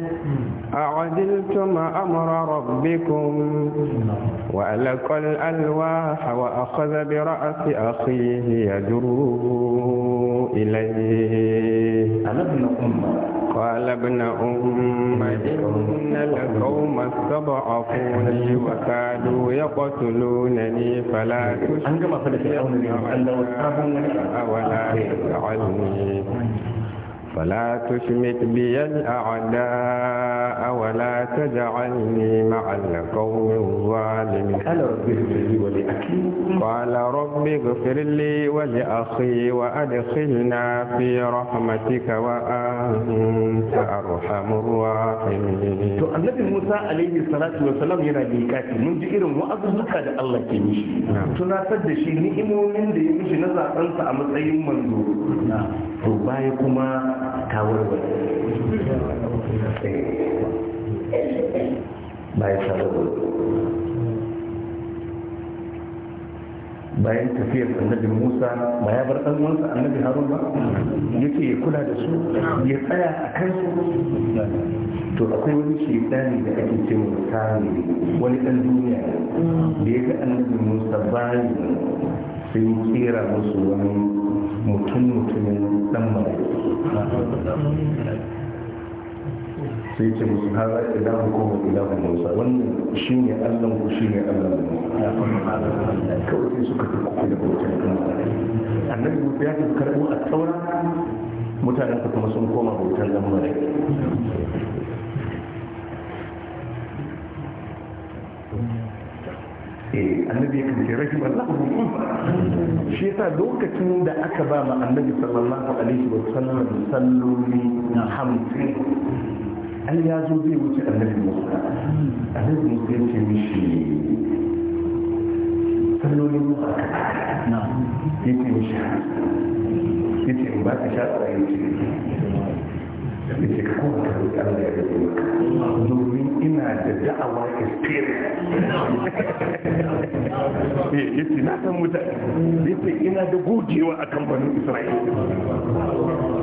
أعدلتم أمر ربكم وألقى الألواح وأخذ برأس أخيه يجره إليه قال ابن أم إن القوم استضعفوني وكادوا يقتلونني فلا تشركوا ولا تجعلني فلا تشمت بي الأعداء ولا تجعلني مع القوم الظالمين قال رب اغفر لي ولأخي قال رب اغفر لي ولأخي وأدخلنا في رحمتك وأنت أرحم الراحمين تو النبي موسى عليه الصلاة والسلام yana miƙati mun ji irin wa'azuzzuka da Allah ke mishi tunatar da shi ni'imomin da ya mishi na zaɓensa a matsayin manzo to baya kuma ta warware bayan ta bayan tafiyar annabi musa ba ya bar ɗan annabi harun ba yake ya kula da su ya tsaya a kan su to akwai wani shaitani da ake ce mu sami wani ɗan duniya da ya ga annabi musa bayan sai kera musu wani mutum mutumin dan marayu sai ce musu hara ilahu ko wa ilahu musa wannan shi ne allon ku shi ne allon mu kawai sai suka fi kuku da bautar annabi musa ya fi karɓo a tsawon mutanen kuma sun koma bautar dan marayu eh annabi ya kace rahim Allah shi yasa lokacin da aka ba ma annabi sallallahu alaihi wa sallam salloli na hamsin ai ya zo zai wuce annabi Musa annabi Musa ya ce mishi salloli Musa na ya ce mishi ya ce in ba ka sha tsara ya ce ya ce ka kuma ka roƙi Allah ya rage maka ina da da'awa experience eh, ya ce na san wuta ya ce ina da gogewa a kamfanin israel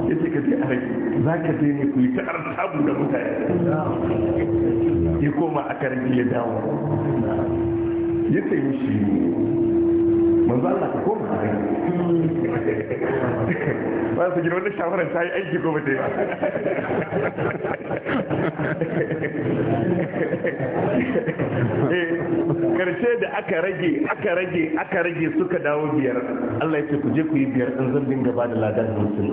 ya ce ka ce a za ka ce ne ku yi ta artabu da mutane ya koma a karni ya dawo ya yace shi manzo Allah ka koma a ba su gina wannan shawarar ta yi aiki ko ba yi ba eh, karshe da aka rage aka rage aka rage suka dawo biyar Allah ya ce ku je ku yi biyar in zan dinga ba da ladan hamsin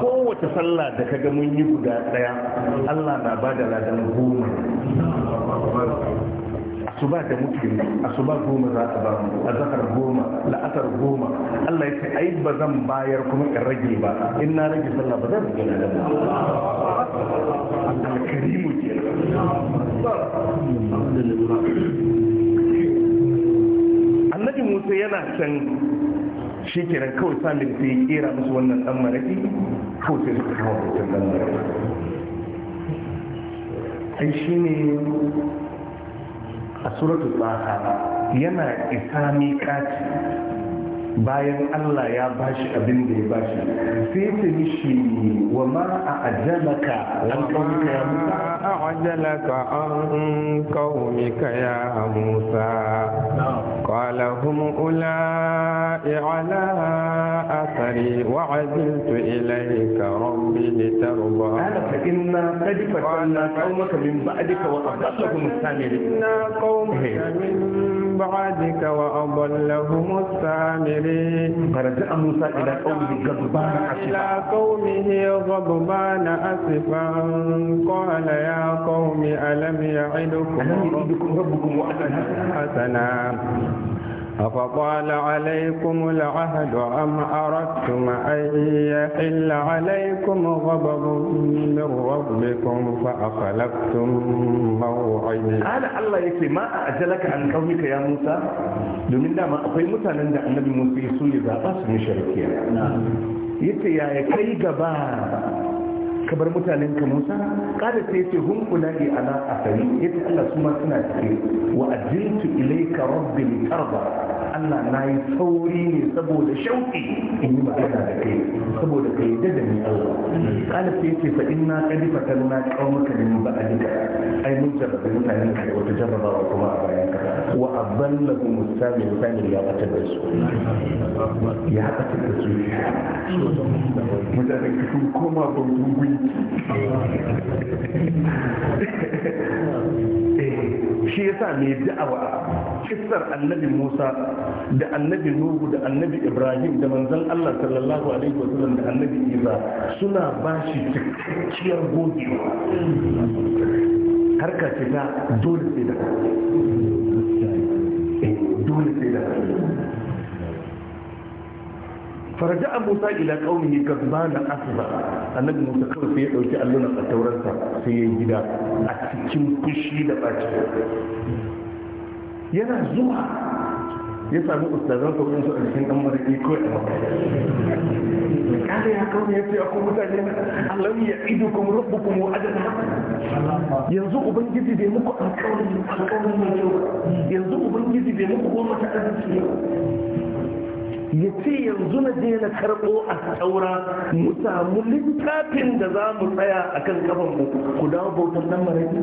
kowace sallah da kaga mun yi guda daya Allah na ba da ladan goma su ba da mutum a su ba goma za a ba a zahar goma la'asar goma Allah ya ce ai ba zan bayar kuma in rage ba in na rage sallah ba zan rage da ba al-karimu ke annabi musa yana can shi kenan kawai salim sai ya kera musu wannan dan maraki kawai sai su kawo wannan dan maraki ai shi ne a suratul baha yana isa miƙaci bayan Allah ya bashi abin da ya bashi sai ta mishi wa ma a ajalaka an kawmika ya Musa a ajalaka an kawmika ya Musa qala hum ula'i ala athari wa ajiltu ilayka rabbi litarda qala fa inna qad fatanna qawmaka min ba'dika wa adallahum samiri inna qawmaka eh. min بعدك وأضلهم السامرين فرجع موسى إلى قومه غضبان أسفا إلى قومه غضبان أسفا قال يا قوم ألم يعدكم ربكم حسنا أفطال عليكم العهد أم أردتم أن يحل عليكم غضب من ربكم فأخلفتم موعدي هذا الله يكفي ما أعجلك عن قومك يا موسى لمن dama akwai mutanen da annabi musu su ne zaɓa su شركيا shirkiya yace yaya ka bar mutanen ka Musa kada sai ce hum ulai ala asari yadda Allah suma suna cike wa ajiltu ilayka rabbi tarda Allah na yi sauri ne saboda shauƙi in yi magana da kai saboda kai da da ni Allah kana sai ce fa inna qad fatanna qaumaka min ba'dika ai mun jarrabe mutane ka da wata jarrabawa kuma a bayan ka wa adallahum mustami mutane ya batar da su ya batar da su mutanen ka sun koma bautan gunki [laughs] eh, shi yasa mai da'awa kissar annabi Musa da annabi Nuhu da annabi Ibrahim da manzon Allah sallallahu alaihi wasallam da annabi Isa suna ba shi cikakkiyar gogewa harka ce ta dole sai da eh, dole sai da فرجع a سا الى قومه ka zuba na asuba annabi musa kawai sai ya ɗauki allunan a taurarsa sai ya gida a cikin fushi da yana zuwa ya sami ustazan sauran su a cikin ɗan mariki kawai a kada ya kawo ya ce akwai mutane Allah ya idu kuma rabu kuma adana yanzu ubangiji bai muku alƙawarin mai yanzu ubangiji bai muku goma ta ya ce yanzu na je na karɓo a saura mu samu littafin da za mu tsaya a kan kafan mu ku dawo bautar nan maraki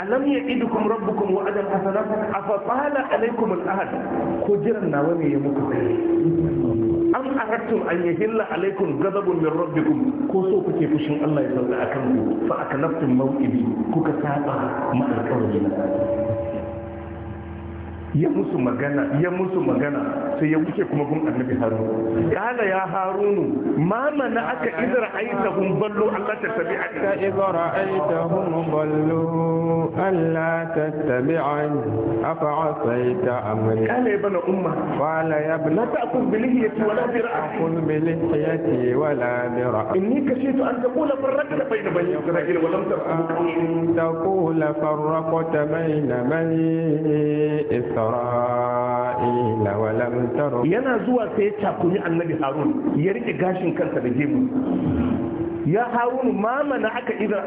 alam ya idu kuma rabu kuma wa'adar hasana a fafala alaikum al'ahad ko jiran na wani ya muku an arattum an ya hilla alaikum gazabun min rabbi rabbikum ko so kuke fushin Allah ya sauka a kan ku fa akanaftum mawqibi kuka saba ma alƙawarin ya musu magana ya musu magana sai ya wuce kuma gun annabi harun kala ya harunu ma mana aka idra aitahum ballu Allah ta tabi ka idra aitahum ballu Allah ta tabi afa asaita amri kala ya bana umma kala ya bana ta'kul bi lihiyati wala bi ra'si ta'kul bi lihiyati wala bi ra'si inni kashitu an taqula farraqta bayna bani An wa lam tarqum taqula farraqta bayna bani israil Yana zuwa تر ينا Annabi Harun ya rike gashin kansa da بجيبه ya harun ma mana aka iza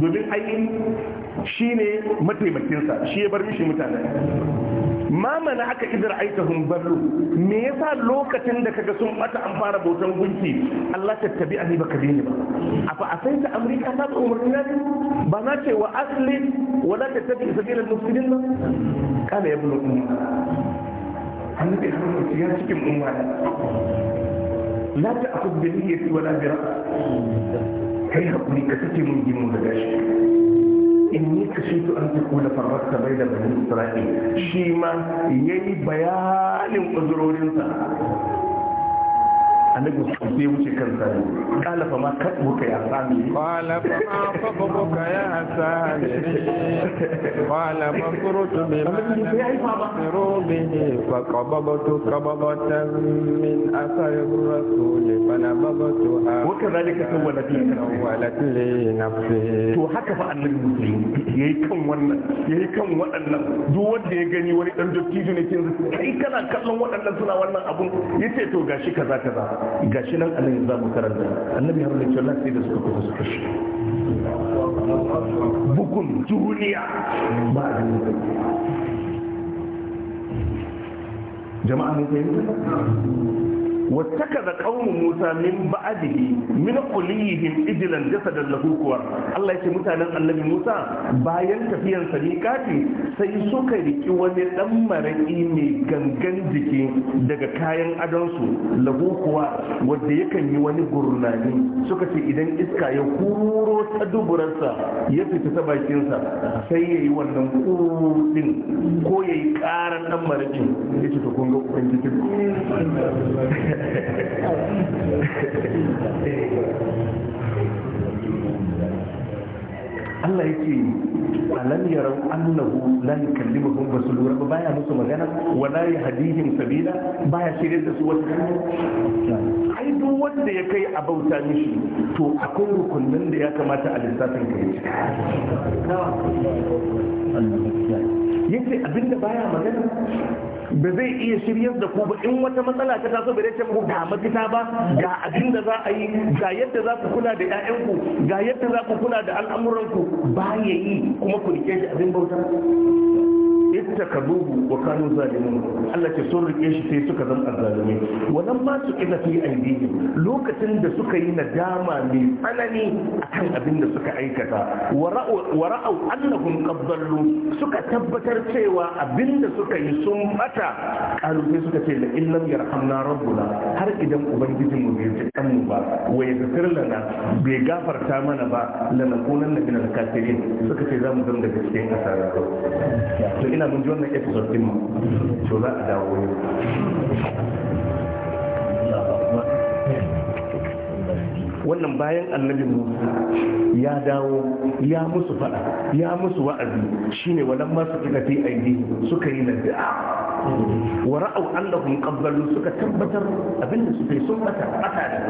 domin ainihin shine mataimakinsa shi ya bar mishi mutane ma mana aka idar aikahun barru me yasa lokacin da kaga sun bata an fara bautan gunki Allah ta tabi ani baka dini ba afa ta amrika ta umarni na ba na ce wa asli wala ta tabi sabilan muslimin ba kana ya bulu annabi ya rubuta ya cikin umma la ta akuz bi niyyati wala bi ra's kai hakuri ka take mun gimu da gashi shi kashitu an takuna farrasta da bani isra'il shi ma yayi bayanin uzurorinsa annabi su sai wuce kan sani kala fa ma kabuka ya sami kala fa ma kabuka ya sami kala fa kurutu bi ma nasiru bihi fa qababtu qababatan min asari rasul fa nababtu ha wa kadhalika sawwalat li sawwalat li nafsi to haka fa annabi musulmi yayi kan wannan yayi kan waɗannan duk wanda ya gani wani dan dattijo ne kin kai kana kallon waɗannan suna wannan abun yace to gashi kaza kaza gashi nan annabi za mu karanta annabi har lalle Allah da suka kusa suka shi bukun duniya ba da jama'a mun yi واتخذ قوم موسى من بعده من قليهم اجلا جسدا له كوار الله يتي متانن النبي موسى bayan tafiyan sa miƙati sai suka riki wani dan maraki mai gangan jiki daga kayan adonsu lahu kuwa wanda yakan yi wani gurnani suka ce idan iska ya kuro ta duburarsa ya fita bakinsa sai ya yi wannan kurudin ko ya ƙara ƙaran dan ce to kun ga Allah yake alam yarau annahu la yukallimuhum rasulun ba ya musu magana wa hadihin yahdihim sabila ya shirye da su wata ai duk wanda ya kai a bauta mishi to akwai rukunin da ya kamata a lissafin kai yake abinda baya magana ba zai iya shiryar da ku ba in wata matsala ta taso ba ce ku ga makita ba ga abin da za a yi ga yadda za ku kula da 'ya'yanku ga yadda za ku kula da al'amuranku ba ya yi kuma ku rike shi abin bauta ittakabuhu wa kanu zalimin Allah ke sun rike shi sai suka zama azzalumai wannan ma su kida fi aidihi lokacin da suka yi nadama mai tsanani akan abin da suka aikata wa ra'au annahum qabbalu suka tabbatar cewa abin da suka yi sun bata kalu sai suka ce la illam yarhamna rabbuna har idan ubangijin mu bai ji kanmu ba wa yaghfir lana bai gafarta mana ba lanakunanna minal kafirin suka ce za mu zama da cikin asara to ina mun ji wannan episode din mu to za a dawo yau wannan bayan annabi musa ya dawo ya musu fada ya musu wa'azi shine walamma masu kika fi aidi suka yi nadi'a wa ra'au annahu yuqabbalu suka tabbatar abin da suke sun mata aka da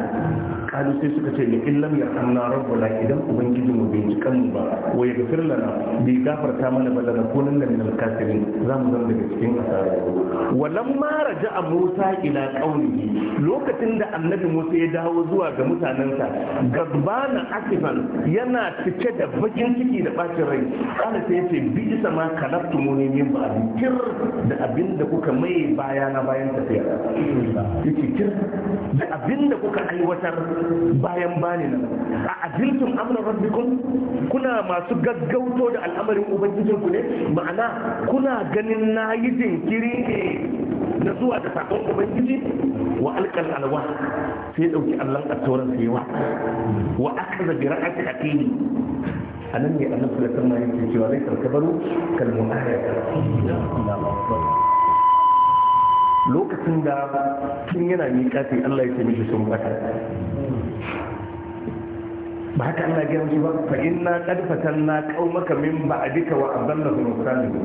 kalu sai suka ce in lam yarhamna rabbuna idan ubangiji mu bai jikan mu ba wa yaghfir lana bi gafarta mana ba daga kunan da min al-kafirin za mu zama daga cikin asara wa lamma raja'a Musa ila qaumihi lokacin da annabi Musa ya dawo zuwa ga mutanensa gabana asifan yana cike da bakin ciki da bacin rai kana sai ya ce bi isa ma kalaftumuni min ba'di kir da abin da kuka mai baya na bayan tafiya ce kir da abin da kuka aiwatar bayan bani nan a ajiltum amna rabbikum kuna masu gaggauto da al'amarin ubangijin ku ne ma'ana kuna ganin nayi jinkiri ne na zuwa da sakon ubangiji wa alƙal alwa sai dauki allon a tauran sai wa wa akaza bi ra'ati A anan ne annabi sallallahu alaihi kan yake cewa zai karkabaru kalmu ayata lokacin da tun yana miƙati Allah ya ce mishi sun bata ba haka Allah ya musu ba fa inna qad fatanna qaumaka min ba'dika wa adallahum samiru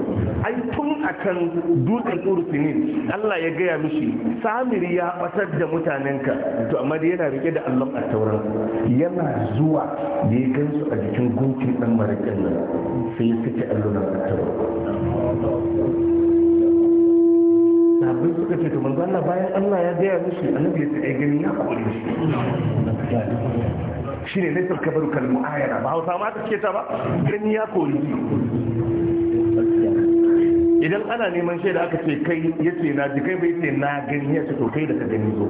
ai tun akan dutsen urfinin Allah ya gaya mishi Samir ya batar da mutanenka to amma da yana rike da Allah a tauran yana zuwa da ya gansu a jikin gunkin dan marakin nan sai ya fice Allah da tauran sahabbai suka ce to manzo Allah bayan Allah ya gaya musu annabi ya ce ai gani na hakuri shi ne laifin kabaru kalmu ayana ba hausa ma ta ce ta ba gani ya kori idan ana neman shaida aka ce kai yace na ji kai bai ce na gani ya ce to kai da ka gani zo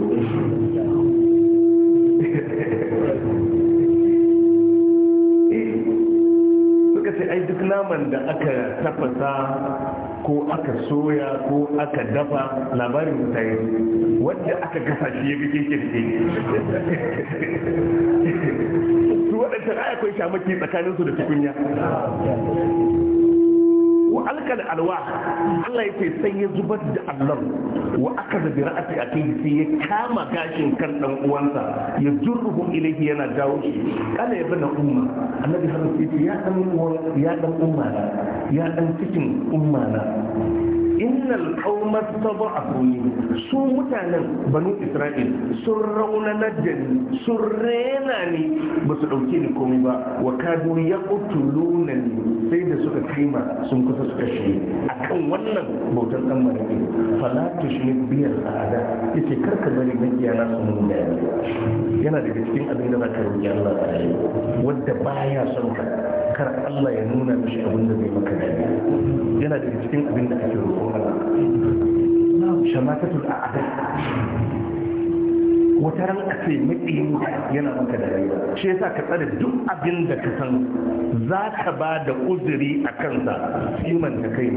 [laughs] eh, suka ce ai duk naman da aka tafasa ko aka soya ko aka dafa labarin ta yi wadda aka gasa shi ya bikin kirki [laughs] su waɗancan kai shamaki tsakaninsu da tukunya wa alkal alwa Allah yace sai ya zubar da allon wa aka da ra'ati a kai sai ya kama gashin kan dan uwansa ya jurruhu ilayhi yana dawo shi kana ya na umma annabi sallallahu alaihi ya dan ya dan umma ya dan cikin umma na innal qauma tad'afu su mutanen banu isra'il sun raunana da ni sun rena ni ba su dauke ni komai ba wa kadu yaqtuluna ni sai da suka kaima sun kusa su kashe akan wannan bautar dan mariki fala tushrik bi al-ada yace karka bari makiya na su mun da yana daga cikin abin da zaka roki Allah ta yi wanda baya son ka kar Allah ya nuna mishi abin da zai maka dariya yana daga cikin abin da ake roƙon Allah shamatatul a'ada wata ran a ce yana maka da rayuwa shi yasa ka tsare duk abin da ka san za ka ba da uzuri a kansa kiman ka kai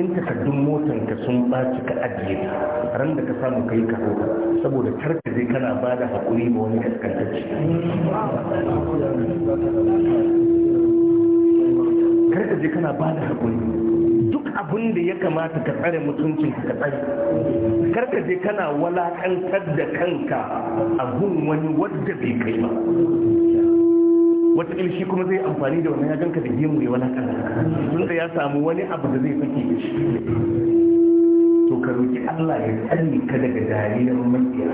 in takardun motan ka sun ɓaci ka ajiye ta ran da ka samu kai ka hauka saboda karka zai kana ba da hakuri ma wani kaskantacci kar ka je kana ba da haƙuri duk abin da ya kamata ka tsare mutuncin ka tsare kar ka je kana walakantar da kanka a gun wani wadda bai kai ba wata ilishi kuma zai amfani da wannan ya ganka da gemu ya walakanta tun da ya samu wani abu da zai fake da shi to ka roki Allah ya tsare ka daga dariyar makiya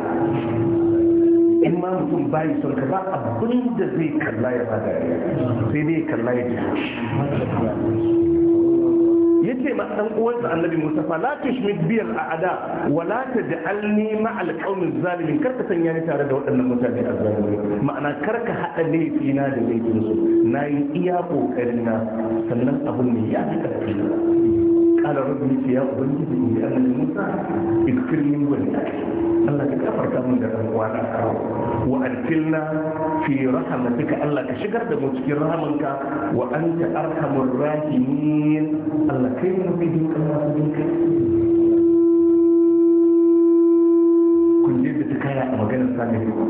in ma mutum bayi son ka ba abin da zai kalla ya ba sai dai kalla ya ya ce ma ɗan uwansa annabi musa fa la tushmit bi al a'da wa la taj'alni ma al qawmi zalimin kar ka sanya ni tare da waɗannan mutane a azzalimi ma'ana kar ka haɗa laifi na da laifin su nayi iya kokarin na sannan abin ne ya fi karfi qala rabbi ya ubangiji inni ana musa ikfirni wa li Allah ka kafarta mun da ɗan uwa na wa alfilna fi rahmatika Allah ka shigar da mu cikin rahamanka wa anta arhamur rahimin Allah kai mu bi din Allah ku din kai kun je da kaya a maganar sami ku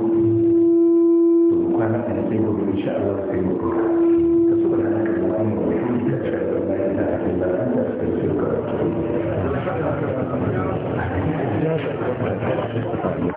to kwana a nan sai gobe insha Allah sai mu